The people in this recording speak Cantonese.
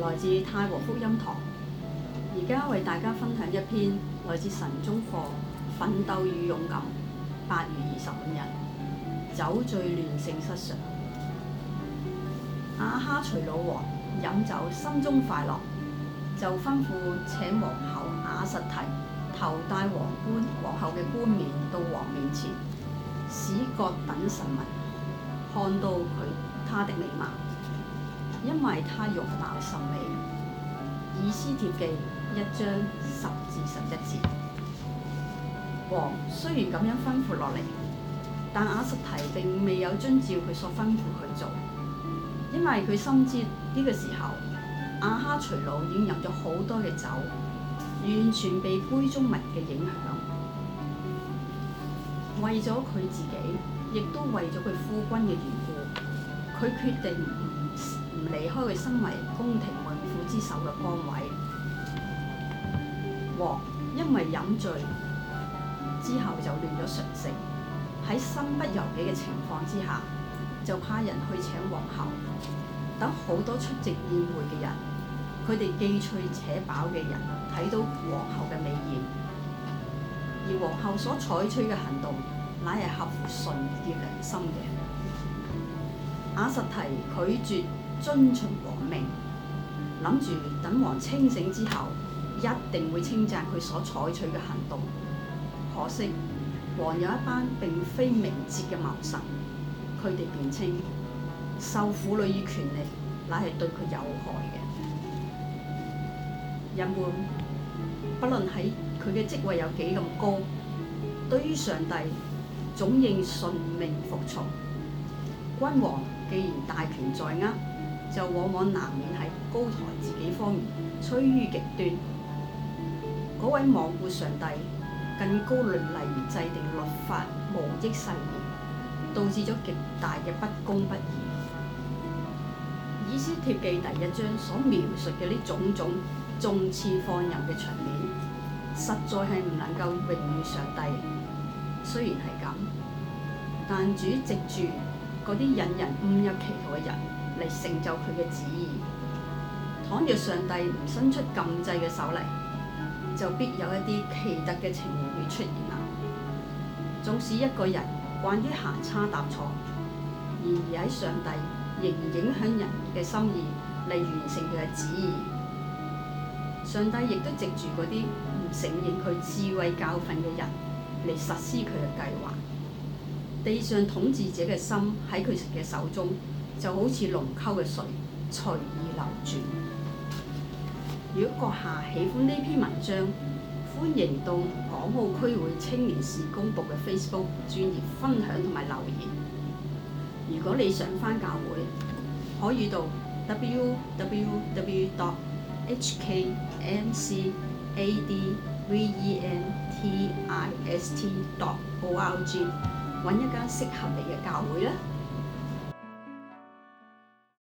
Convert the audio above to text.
來自太和福音堂，而家為大家分享一篇來自神中課《奮鬥與勇敢》。八月二十五日，酒醉亂性失常，阿哈隨老王飲酒，心中快樂，就吩咐請皇后雅實提頭戴王冠，皇后嘅冠冕到王面前，使各等臣民看到佢他的美貌。因為他容貌甚美，《以斯帖記》一章十至十一節。王雖然咁樣吩咐落嚟，但瓦實提並未有遵照佢所吩咐去做，因為佢深知呢個時候，亞哈隨魯已經飲咗好多嘅酒，完全被杯中物嘅影響。為咗佢自己，亦都為咗佢夫君嘅緣故，佢決定，唔離開佢身為宮廷貴婦之首嘅崗位。王因為飲醉之後就亂咗常性，喺身不由己嘅情況之下，就派人去請皇后，等好多出席宴會嘅人，佢哋既醉且飽嘅人睇到皇后嘅美艷。而皇后所採取嘅行動，乃係合乎順嘅人心嘅。馬實提拒絕遵從王命，諗住等王清醒之後，一定會稱讚佢所採取嘅行動。可惜王有一班並非明哲嘅謀臣，佢哋辯稱受苦累於權力，乃係對佢有害嘅。人們不論喺佢嘅職位有幾咁高，對於上帝總應順命服從。君王既然大權在握，就往往難免喺高抬自己方面趨於極端。嗰位罔顧上帝更高倫例制定律法無益誓言，導致咗極大嘅不公不義。以斯帖記第一章所描述嘅呢種種縱恣放任嘅場面，實在係唔能夠榮譽上帝。雖然係咁，但主藉著嗰啲引人誤入歧途嘅人嚟成就佢嘅旨意，倘若上帝唔伸出禁制嘅手嚟，就必有一啲奇特嘅情形會出現啦。縱使一個人慣於行差踏錯，然而喺上帝仍然影響人嘅心意嚟完成佢嘅旨意。上帝亦都藉住嗰啲唔承認佢智慧教訓嘅人嚟實施佢嘅計劃。地上統治者嘅心喺佢嘅手中，就好似龍溝嘅水隨意流轉。如果閣下喜歡呢篇文章，歡迎到港澳區會青年事工部嘅 Facebook 專頁分享同埋留言。如果你想返教會，可以到 www.hkmcadventist.org，揾一間適合你嘅教會。